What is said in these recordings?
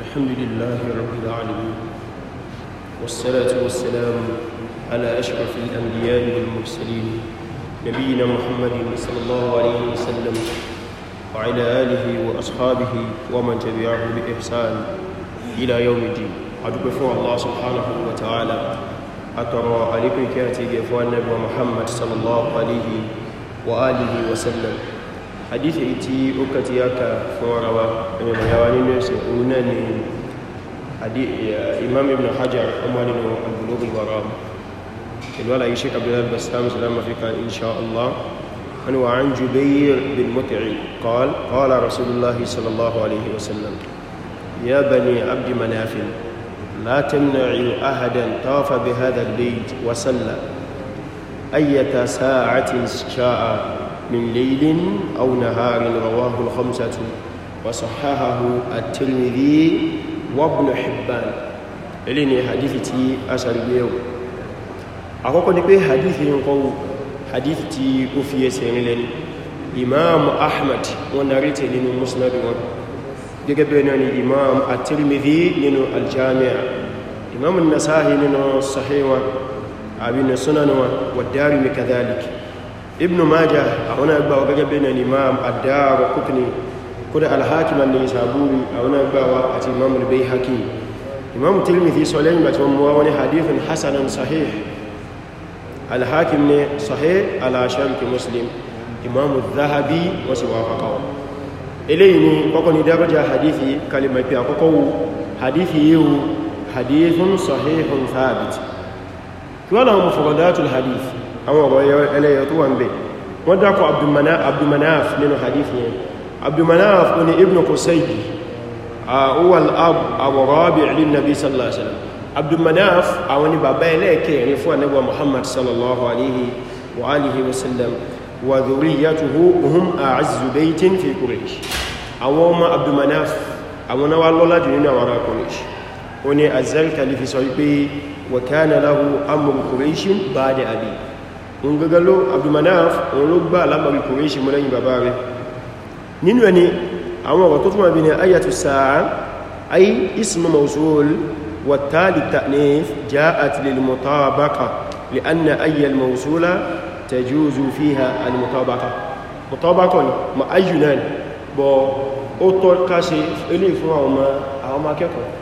الحمد لله رب العالمين والصلاة والسلام على أشرف الأنبياء والمرسلين نبينا محمد صلى الله عليه وسلم وعلى آله وأصحابه ومن تبعه بإحسان إلى يوم الدين أدعو الله سبحانه وتعالى أترى عليكم كاتي جفوان نبي محمد صلى الله عليه وآله وسلم حديث إتي أكتياك فوروا أن يميواني نفسي أولاني حديث إمام ابن حجر أماني البلوغ الغرام الولا يشيك عبد الله البسام سلام فيك إن شاء الله أن وعن جبير بن متعي قال قال رسول الله صلى الله عليه وسلم يا بني عبد مناف لا تمنع أحدا طاف بهذا البيت وصلى أية ساعة شاء من ليل أو نهار رواه الخمسة وصححه الترمذي وابن حبان إليني حديثتي أسر بيو أقول لك حديثي يقول حديثتي أفيا سيرلين Imam Ahmad wọn narítẹ̀ nínú Musnad wọn gẹ́gẹ́ bẹ́ẹ̀ náà ni Imam at-Tirmidhi nínú al إمام النساهي الصحيح أبن السنن والدار كذلك ابن ماجه أهنا أبا بين الإمام الدار وقطني كل الحاكم أن يسابوني أهنا أبا وقت إمام البيهكي إمام تلمثي سليم بتوم وواني حديث حسن صحيح الحاكم صحيح على شامك مسلم إمام الذهبي وسواه قوم إليني بقني درجة حديثي كلمة بيقوقو حديثي يو hadithun sahihun thabit kí wọ́n láwọn mufradatul hadith àwọn ọ̀rọ̀ ẹlẹ́yọ tó wà ń bẹ̀ wọ́n dákọ̀ abdulmanaf nínú hadith yẹn abdulmanaf ó ní ibn qusayyi huwa al-ab abu rabi' lin-nabi sallallahu alaihi wasallam abdulmanaf àwọn ni bàbá ẹlẹ́ẹ̀kẹrin fún ànábì muhammad sallallahu alaihi wa alihi wasallam wa dhurriyyatuhu hum a'azzu baytin fi quraish àwọn ọmọ abdulmanaf àwọn náwà lọ́lá nínú àwọn ará ó ní azalkali fi sọ wípé wa kana lahu amru kùrẹ́ṣin bá dẹ̀ àbí òun gẹ́gẹ́ ló abdulmanaf òun ló gbá alámọ̀rí kùrẹ́ṣin mú lẹ́yìn bàbá rẹ̀ nínú ẹni àwọn ọ̀rọ̀ tó túnmọ̀ bí ní ayatu sa'a ay ismu mawsul wa tali ta'nif ja'at lil mutabaqa li anna ayyal mawsula tajuzu fiha al mutabaqa mutabaqa ni ma ayyunan bo ó tọ́ ká ṣe ilé ìfún àwọn ọmọ akẹ́kọ̀ọ́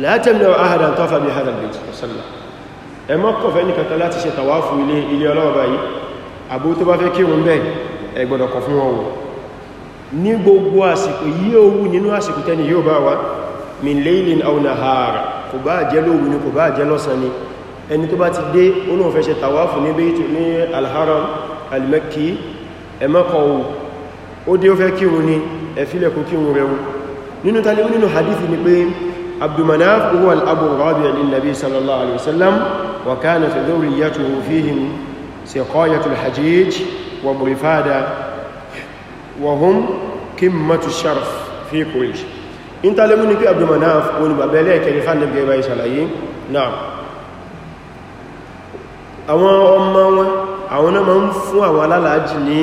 la tamna'u ahadan tawafa bi hadha al-bayt sallallahu ẹ má kọ̀ fẹ́ni kankan láti ṣe tàwáfù ilé ilé ọlọ́ọ̀bá yìí àbó tó bá fẹ́ kírun bẹ́ẹ̀ ẹ gbọ́dọ̀ kọ̀ fún wọn ní gbogbo àsìkò yìí owó nínú àsìkò tẹ́ni yóò bá wa min laylin aw nahar kò bá jẹ́ lóòrùn ni kò bá jẹ́ lọ́sàn ni ẹni tó bá ti dé olóhun fẹ́ ṣe tàwáfù ní bayt ní al nínú tàlẹ́ nínú hadithi ni pé عبد مناف هو الأب الرابع للنبي صلى الله عليه وسلم وكانت ذريته فيهم سقاية الحجيج وبرفادة وهم كمة الشرف في قريش انت لمن في عبد مناف ونبابلي كريفان نبي الله صلى نعم àwọn ọmọ wọn àwọn náà máa ń fún àwọn alálàájì ní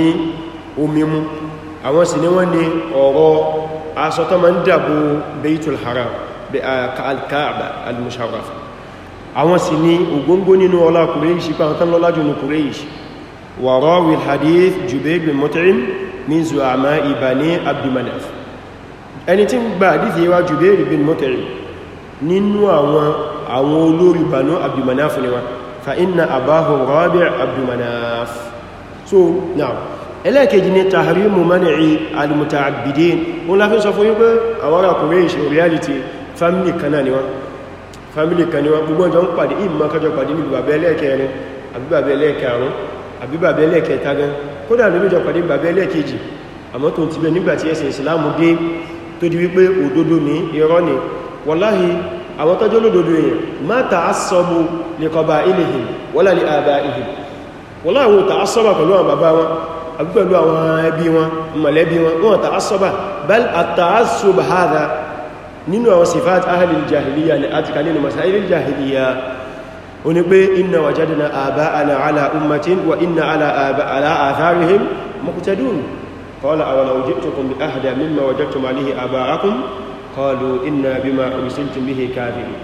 omi mu àwọn sì ní wọ́n ní ọ̀rọ̀ asọ́tọ́ máa ń alkaaba almusharrafa àwọn sì ni ògóngó nínú ọlá kùrẹ́yìí pa àtàn lọ́lá jùnú kùrẹ́yìí wà rawi alhadith jubair bin mut'im min zu'ama ibani abdumanaf ẹni tí ń gba àdíth yíwá jubair bin mut'im nínú àwọn àwọn olórí banu abdumanaf ni wọn fa inna abahu rabi' abdumanaf so now ẹlẹ́ẹ̀kejì ni tahrimu mani'i almuta'abbidin òun la fi sọ fún yí pé àwọn ará kùrẹ́yìí reality family kan náà ni wọ́n family kan ni wọ́n gbogbo ọjọ́ ń pàdé ìmọ̀ kọjọ pàdé níbi bàbẹ́ ẹlẹ́ẹ̀kẹrin àbí bàbẹ́ ẹlẹ́ẹ̀kẹrún àbí bàbẹ́ ẹlẹ́ẹ̀kẹta gan kódà ló méjọ pàdé bàbẹ́ ẹlẹ́ẹ̀kejì àmọ́ tó ti bẹ̀ nígbàtí ẹ̀sìn ìsìláàmù dé tó di wípé òdodo ní irọ́ ni wọláhì àwọn tọ́jọ́ lódodo èèyàn má ta asọ́bù lè kọba wọ́lá àwọn ta pẹ̀lú àwọn bàbá wọn àbí àwọn ẹbí wọn mọ̀lẹ́bí wọn wọ́n ta bẹ́l àtàásùbà hádàá nínú àwọn sifat ahalil jahiliya ni àti kalẹ̀ ni masailil jahiliya ó ní pé inna wajadna aba'ana ala ummatin wa inna ala ala atharihim muqtadun qala aw law ji'tukum bi ahda mimma wajadtum alayhi aba'akum qalu inna bima ursiltum bihi kafirun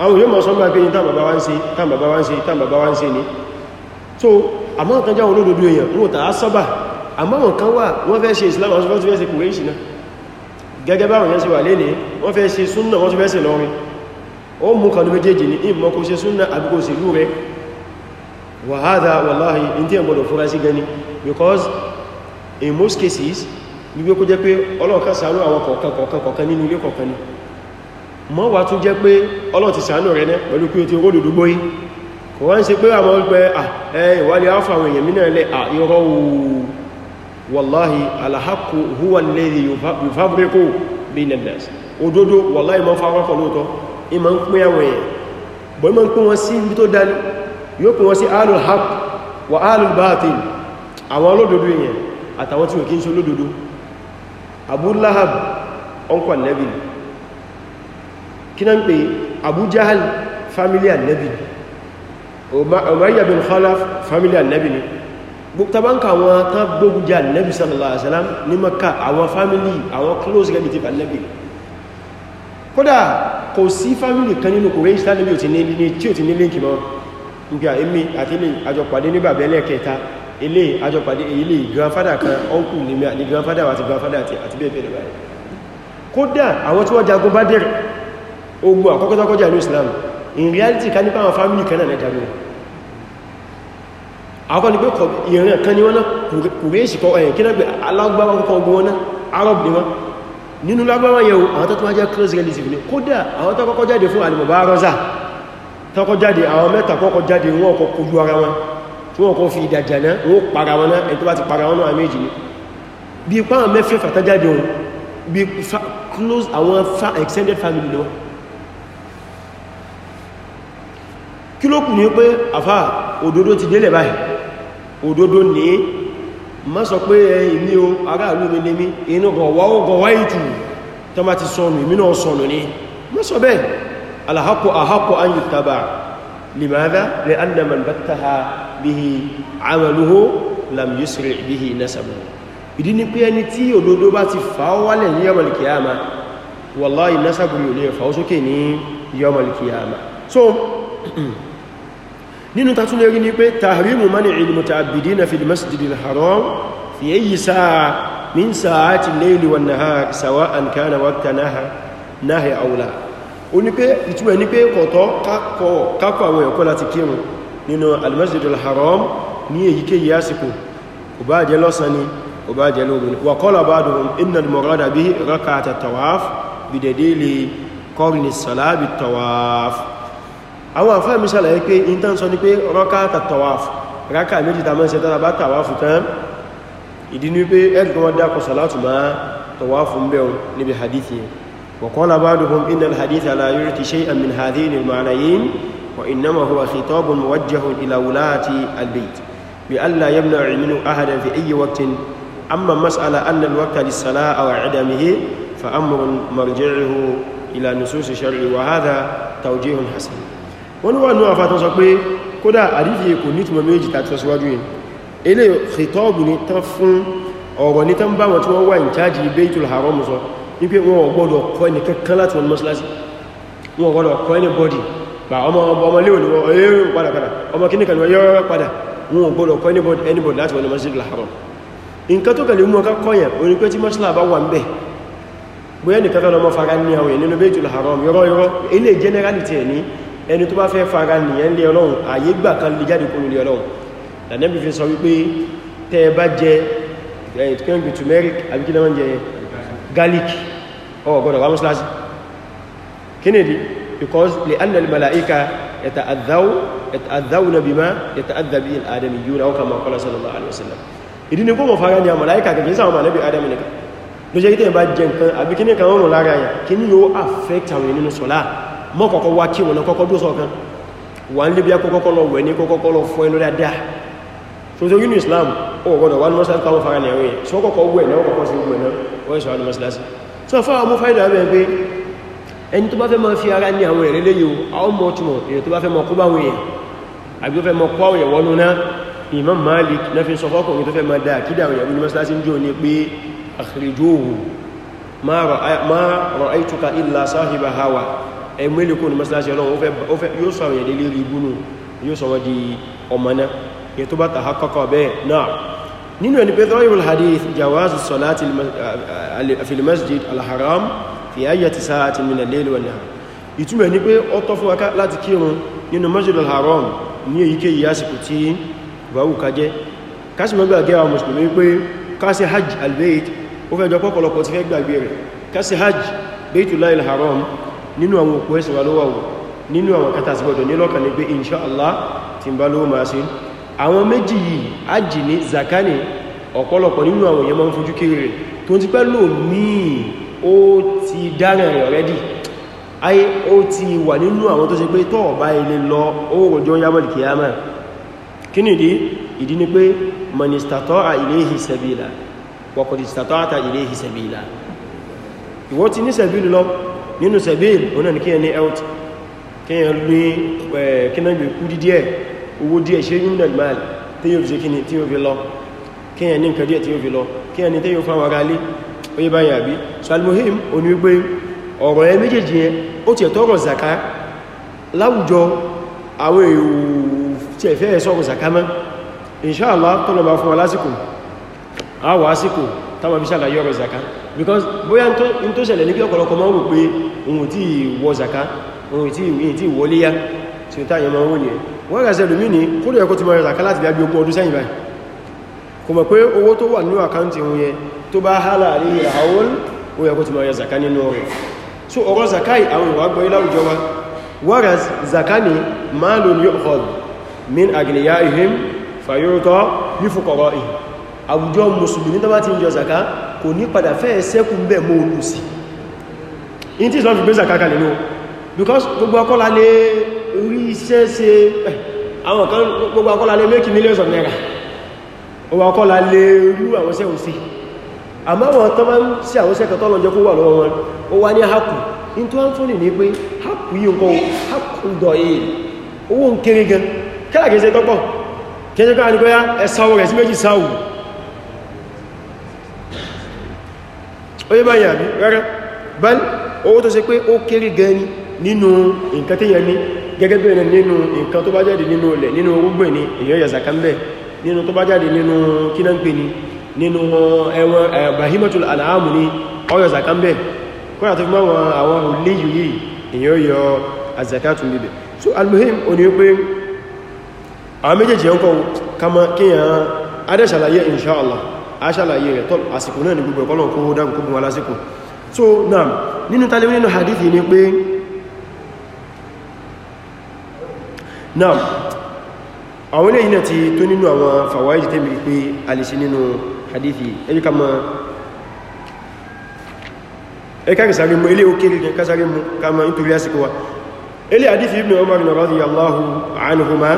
àwọn yo mo so ma pe tan bàbá wa nse tan bàbá wa nse tan bàbá wa nse ni so àmọ́ kan ja wọn lódodo èyàn wọn asaba àmọ́ wọn kan wà wọ́n fẹ́ ṣe islam wọ́n fẹ́ ṣe kureishi náà gẹ́gẹ́ bá wọ̀nyẹ́ sí wà lé ní wọ́n fẹ́ ṣe súnnà wọ́n tún fẹ́ sí lọ́rin ó mú kanú méjèèjì ní ìmọ̀ kò ṣe súnnà àbí kò sí rúrẹ wa hadha wallahi in tí ẹ̀gbọ́dọ̀ fúra sí gani because in most cases gbígbé kó jẹ́ pé Ọlọ́run kan ṣàánú àwọn kọ̀ọ̀kan wallahi alhaqqu huwa alladhi yufarriqu bayna an-nas òdodo wallahi ma fara ko lóòtọ́ e ma npe àwọn èyàn bo ma npe wọn sí bí tó dani yo ko wọn sí alul haqq wa alul batil àwọn lódodo èyàn àtàwọn tí ó kin so lódodo abu lahab onko nabi kinan pe abu jahal family an-nabi umayya bin khalaf family nabi tàbánkà àwọn tán gbógun jẹ́ ànẹ́bì sallallahu alaihi wasallam ní maka àwọn family àwọn close relative ànẹ́bì kódà kò sí family kan nínú kò rẹ́yìn tánàbí tí ò ti ní link mọ́ nígbà èmi àti ilé àjọpàdé ní bàbá ẹlẹ́kẹta ilé àjọpàdé ilé grandfather kan uncle ní grandfather àti grandfather àti bẹ́ẹ̀ bẹ́ẹ̀ báyìí kódà àwọn tí wọ́n jagun Badr ogun àkọ́kọ́ tó kọjá Islam in reality ká nípa family kan náà àwọn ni pé ìran kan ni wọ́n náà kùrẹ́ṣì kọ ẹ̀yìn kí náà pé alágbára kọkọ ogun wọn náà arab ni wọ́n nínú lágbára yẹ̀wò àwọn tó tún close relative ni kódà àwọn tó kọ́kọ́ jáde fún alìmọ̀bá rọ́zà tó kọ́ jáde àwọn mẹ́ta kọ́kọ́ jáde wọ́n kọ́ kojú ara wọn tí wọ́n kọ́ fi ìdàjà náà wọ́n para wọn náà ẹni tó bá ti para wọn náà méjì ni bí ipá extended family lọ kí ló kù ní pé àfà òdodo ti délẹ̀ báyìí òdodo ní má sọ pé ẹ̀yìn ní o aráàlú mi ní mi inú gọ̀wọ́ gọ̀wọ́ ìtù tó má ti sọnù ìmínà sọnù ní má sọ bẹ́ẹ̀ alhaqu ahaqu an yuttaba limadha li'anna man battaha bihi amaluhu lam yusri bihi nasabuhu ìdí ni pé ẹni tí òdodo bá ti fà wálẹ̀ ní yawmal qiyamah wallahi nasabu yóò lè fà ó sókè ní yawmal qiyamah so nínú ta tún lè rí ní pé tahrimu mani al-muta'abbidina fi al-masjid al-haram fi ayi sa'a min sa'ati al-layli wan nahar sawa'an kana waqtan naha nahi aw la ó ní pé ituwe ní pé koto kako kako àwọn ẹ̀kọ́ láti kírun nínú al-masjid al-haram ní èyíkéyìí àwọn àfáà mi ṣàlàyé pé intan sọ ní pé rọ́kàtà tawaf rákà méjì tàbí ṣe tára bá tàwáfù tán ìdí ní pé ẹ̀dùn wọn dákọ̀ sàlátù má tawáfù ń bẹ̀rù níbi hadithi وقال بعضهم إن الحديث لا يعطي شيئا من هذين المعنيين وإنما هو خطاب موجه إلى ولاة البيت بألا يمنع منه أحدا في أي وقت أما مسألة أن الوقت للصلاة أو عدمه فأمر مرجعه إلى نصوص شرعي وهذا توجيه حسن wọ́n ló wà ní àfàtàn sọ pé kódà àdífì èkò ní ìtumọ̀ méjì tàbí síwájú yìí ilé ìtọ́ọ̀bù ní tán fún ọ̀rọ̀ ní tán bá wọn tí wọ́n wà ní chájì Baitul Haram sọ wípé wọn ò gbọ́dọ̀ kọ́ ẹni kankan láti wọn mọ́sílásí wọn ò gbọ́dọ̀ kọ́ ẹni bọ́dì pa ọmọ ọmọ léwò ní wọ́n yóò padà padà ọmọ kíní kan wọ́n yóò padà wọn ò gbọ́dọ̀ kọ́ ẹni bọ́dì láti wọn Masjidil Haram ilé generality ẹ̀ ní ẹni tó bá fẹ́ fara nìyẹn lé ọlọ́run àyè gbà kan lè jáde kúrò lé ọlọ́run lànàbí fi sọ wípé tẹ́ ẹ bá jẹ ẹ̀yìn tó kẹ́yìn turmeric jẹ garlic ọgọ́dọ̀ wà mọ́síláṣí kí because lè annal mala'ika yata adáwù na bímá yata adábí al'adami yíò na ọkà makọ́lá sallallahu alaihi wasallam ìdí ni kọ́mọ̀ fara ní a mala'ika kàkì sáwọn malabi adam nìkan ló jẹ́ kí tẹ́ bá jẹ mọ́ kọ̀kọ́ wá kí wọn kọ́kọ́ dóso kan wà ń lébíyà kọ́kọ́ lọ wẹ̀ ní kọ́kọ́ lọ fún ẹnu dáadáa tó tó yínú Islam ó gbọ́dọ̀ wà ní mọ́sálásí káwọn fara ní àwọn èèyàn tí wọ́n kọ́kọ́ wẹ̀ náà kọ́kọ́ sí wẹ̀ náà wọ́n ìṣọ́ àwọn mọ́sálásí tí wọ́n fáwọn mú fáìdà rẹ̀ pé ẹni tó bá fẹ́ máa fi ara ní àwọn èrè léyìí àwọn mọ̀ túnmọ̀ èyí tó bá fẹ́ mọ̀ kó báwọn èèyàn àbí tó fẹ́ mọ̀ ẹmẹ́lẹ́kùn ní mọ́sílásí ọlọ́run yóò sọ àwọn èdè lérí ibúnú yóò sọ wọ́n di ọmọná yẹ tó bá tàhá kọ́kọ́ bẹ́ẹ̀ náà nínú ẹni pé tọ́rọ̀ hadith jawazu salati fil masjid alharam fi ayyati sa'atin min al-layl wa an-nahar ìtumọ̀ ni pé ó tọ́ fún wa láti kírun nínú masjid alharam ní èyíkéyìí àsìkò tí báwù ká alharam nínú àwọn òpó ẹ̀sìn wa ló wà wò nínú àwọn kẹta sí gbọdọ̀ nílọ́kàn ní pé insha Allah tí ń bá lówó máa ṣe àwọn méjì yìí ájì ní zakani ọ̀pọ̀lọpọ̀ nínú àwọn èèyàn máa ń fojú kiri rẹ̀ tó ti pẹ́ lò míì ó ti dára rẹ̀ rẹ́dì ayé ó ti wà nínú àwọn tó ṣe pé tọ́ ọ̀bá ilé lọ ó rọjọ́ yámọ̀lì kìyàmà kí nìdí ìdí ni pé manistatọ́ à ilayhi sabila waqad istata'ta ilayhi sabila ìwọ́ ti ní sẹ̀bílì lọ nínú sẹ̀bíl ọ̀nà ní kíyàn ní elt kíyàn ní kíyàn gbé kú dídíẹ̀ owó díẹ̀ ṣe yúnà mal tí yóò fi kíni tí yóò fi lọ kíyàn ní nǹkan díẹ̀ tí oye báyìí àbí so almuhim oní wípé ọ̀rọ̀ ẹ méjèèjì yẹn ó zaka láwùjọ àwọn èrò tí ẹ̀fẹ́ zaka mọ́ inṣáàlá tọ́nà bá fún wa lásìkò àwọ̀ àsìkò táwọn fi ṣàlàyé ọ̀rọ̀ zaka because bóyá in tó ṣẹlẹ̀ ní pé ọ̀pọ̀lọpọ̀ máa ń pé ohun tí wọ zaka ohun tí wọlé yá tí ó táyẹ ma wọ́n ni wọ́n rẹ̀ sẹ́lùmí ní kó lè ẹkọ́ ti mọ̀ rẹ̀ zaka láti bí ogún ọdún sẹ́yìn báyìí kò mọ̀ pé owó tó wà nínú àkáǹtì ohun yẹn tó bá hálà rí àwọn ó yẹ kó ti mọ̀ rẹ̀ zaka nínú rẹ̀ so ọ̀rọ̀ zaka àwọn ìwà gbọ́ láwùjọ wa wọ́rẹ̀ zaka tó bá ti ń yọ in tí islam fi bẹ́sà kákà lè because gbogbo akọ́lá lè rí iṣẹ́ ṣe eh, àwọn kan gbogbo akọ́lá lè make millions of naira gbogbo akọ́lá lè rú àwọn iṣẹ́ òsì àmọ́ àwọn tó máa ń ṣe àwọn iṣẹ́ kẹtọ́ lọ́jọ́ kó wà lọ́wọ́ wọn ó wá ní haku in tó ń fúnni ní pé haku yìí nǹkan haku dọ̀ èyí owó ń kéré gan kẹ́lá kìí ṣe tọ́pọ̀ kìí ṣe káà ní pé ẹ̀sáwọ̀ rẹ̀ sí méjì sáwù ó yẹ báyìí àbí rárá báyìí owó tó ṣe pé ó kéré gan ni nínú nǹkan tí yẹn ní gẹ́gẹ́ bí ẹni nínú nǹkan tó bá jáde nínú ilẹ̀ nínú orúgbìn ni èyàn yà zaka ń bẹ̀ nínú tó bá jáde nínú kíná ń pè ní nínú ẹwọn bahimatul alaamu ni ọyọ zaka ń bẹ̀ kọ́nà tó fi máa wọn àwọn so naam nínú tàbí nínú hadith ni pé naam àwọn ilé ìnà ti tó nínú àwọn fàwáìjì tẹ́bí pé alìsí nínú hadithi ẹjú ká mọ́ ẹkàrí sáré mú ilé òkèrè kásáré mú ká mọ́ nítorí àsìkò wa ilé hadithi ibn Umar radiyallahu anhuma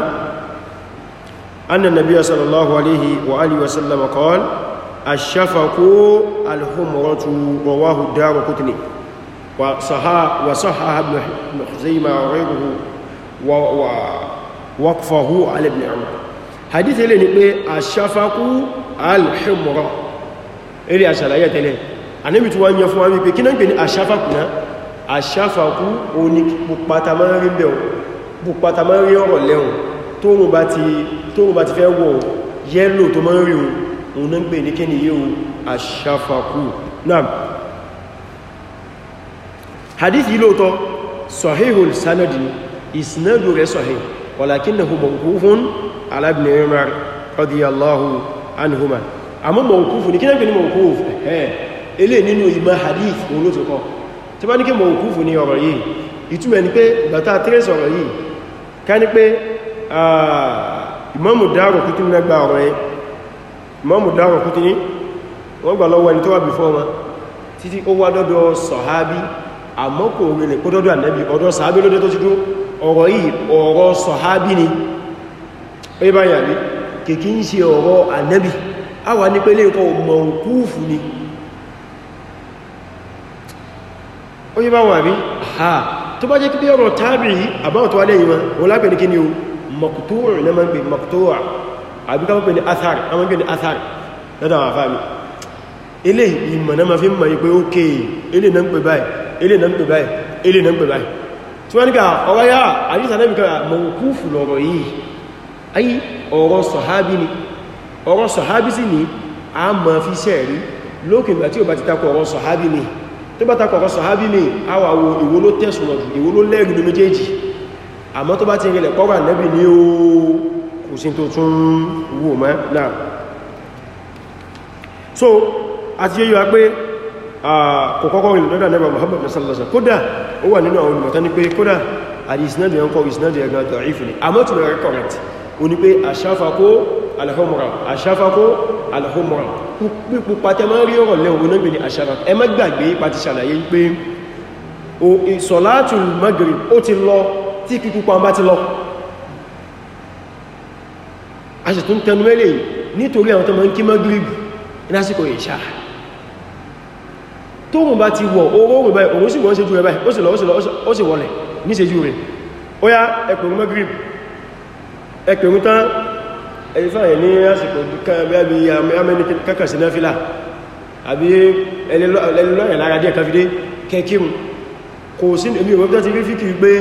anna nabiyya sallallahu alaihi wa alihi wasallam qala الشفق الحمرة رواه الدار قتني وصحا وصحا ابن خزيمة وغيره و و وقفه على ابن عمر حديث اللي نقول الشفق الحمرة إلي أسألها تلي Ànábì tó wá ń yẹ fún wa wípé kí náà ń pè ní àṣáfàkù náà àṣáfàkù o ní pùpàtà máa rí bẹ̀rù pùpàtà máa rí bá ti fẹ́ wọ̀ yẹ́lò tó máa rí ohun òun náà ń pè ní kí ni yíò aṣáfàkú náà hadith yìí lóòtọ́ sahihul sanadi isnadu rẹ̀ sahih walakinahu mawqufun ala ibn Umar radiyallahu anhuma àmọ́ mawquf ní kí náà pè ní mawquf ẹ̀ ilé nínú ìmọ̀ hadith òun ló ti kọ́ mọ́mù dáwọn kú tíní wọ́n gbà lọ́wọ́ ẹni tó wà bí fọ́ wọn títí ó wá dọ́dọ̀ sọ̀hábí àmọ́ kò rí lè kó dọ́dọ̀ ànẹ́bí ọ̀dọ̀ sọ̀hábí lóde tó ti dúró ọ̀rọ̀ yìí ọ̀rọ̀ sọ̀hábí ni ó yẹ báyìí àbí kìkí ń ṣe ọ̀rọ̀ ànẹ́bí a wà ní pé lè kọ́ mọ̀kúfù ni ó yẹ báwọn àbí ha tó bá jẹ́ kí bí ọ̀rọ̀ tábìrì àbáwọ̀ tó wá lẹ́yìn wọn wọ́n lápẹ̀ ní kí ni o mọ̀kútúrù ní mọ̀ àbí ká pẹ̀lú Asar, àwọn pẹ̀lú Asar. lọ́dọ̀ àwọn àfáàmì ilé ìmọ̀ náà ma fi ń mọ̀ pé ókè ilé náà ń pè báyìí ilé náà ń pè báyìí ilé náà ń pè báyìí tí wọ́n ní ká ọ̀rọ̀ yá àdísà náà nìkan mọ̀kúfù lọ̀rọ̀ yìí ọ̀rọ̀ sọ̀hábí ni ọ̀rọ̀ sọ̀hábí sì ni a mọ̀ fi ṣẹ́ rí lókè ìgbà tí ó bá ti takọ̀ ọ̀rọ̀ sọ̀hábí ni tó bá takọ̀ ọ̀rọ̀ sọ̀hábí ni a wà wo ìwo ló tẹ̀sùn lọ̀jù ìwo ló lẹ́rìí lómi méjèèjì àmọ́ tó bá ti rìnlẹ̀ pọ́rọ̀ ànẹ́bì ni ó kò sí tó tún wò mọ́ náà so àti yíò wá pé kò kọ́kọ́ rìn lọ́dà nẹ́bà Muhammad sallallahu kódà ó wà nínú àwọn olùmọ̀tá ní pé kódà àti ìsinádìí ẹnkọ́ ìsinádìí ẹgbẹ̀rẹ̀ tó àrífù ni àmọ́ tó lọ́rẹ́ correct ó ní pé àṣáfàkó alhomra àṣáfàkó alhomra pípupa tẹ máa rí ọ̀rọ̀ lẹ́wọ̀n náà gbìnì àṣáfà ẹ má gbàgbé pàti ṣàlàyé pé magrib ó ti lọ tí pípupa bá a sì tún tẹnu mẹ́lẹ̀ nítorí àwọn tó ma ń kí mọ́ gírígì lásìkò ìṣà tó rùn bá ti wọ̀ oòrùn báyìí oòrùn sì wọ́n ṣe jú rẹ̀ báyìí ó sì lọ ó sì wọlẹ̀ ní ṣe jú rẹ̀ ó yá ẹ̀pẹ̀rún mọ́ gírígì ẹ̀pẹ̀rún tán ẹ̀fàyẹ̀ ní lásìkò kẹ́kẹ̀ẹ́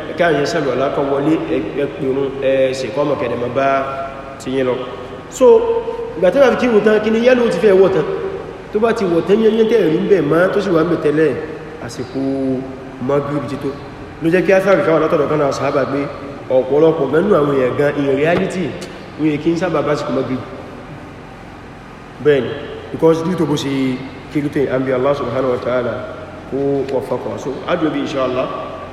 káyẹ̀ sẹ́lọ̀ alákan wọlé ẹgbẹ̀rún ẹ̀ẹ́sẹ̀ kọmọ̀ kẹ̀dẹ̀mọ̀ bá ti yín lọ so gbàtẹ́wà fi kírù tán kí ni yẹ́lò ti fẹ́ wọ́tán tó bá ti wọ̀tán yẹnyẹn tẹ́ ẹ̀rí ń bẹ̀ máa tó sì wà ń bẹ̀ tẹ́lẹ̀ àsìkò magrib tító ló jẹ́ kí afẹ́rì káwà látọ̀dọ̀ kan náà sábà in reality wọ́n yẹ kí ń sábà bá sìkò magrib bẹ́ẹ̀ni because due to bó ṣe kírù tẹ́ Allah subhanahu wa ta'ala kó wọ́fakọ̀ so I bí be, inshallah.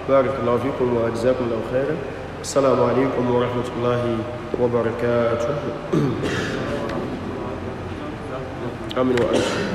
بارك الله فيكم وجزاكم الله خيرا السلام عليكم ورحمة الله وبركاته آمين وأنتم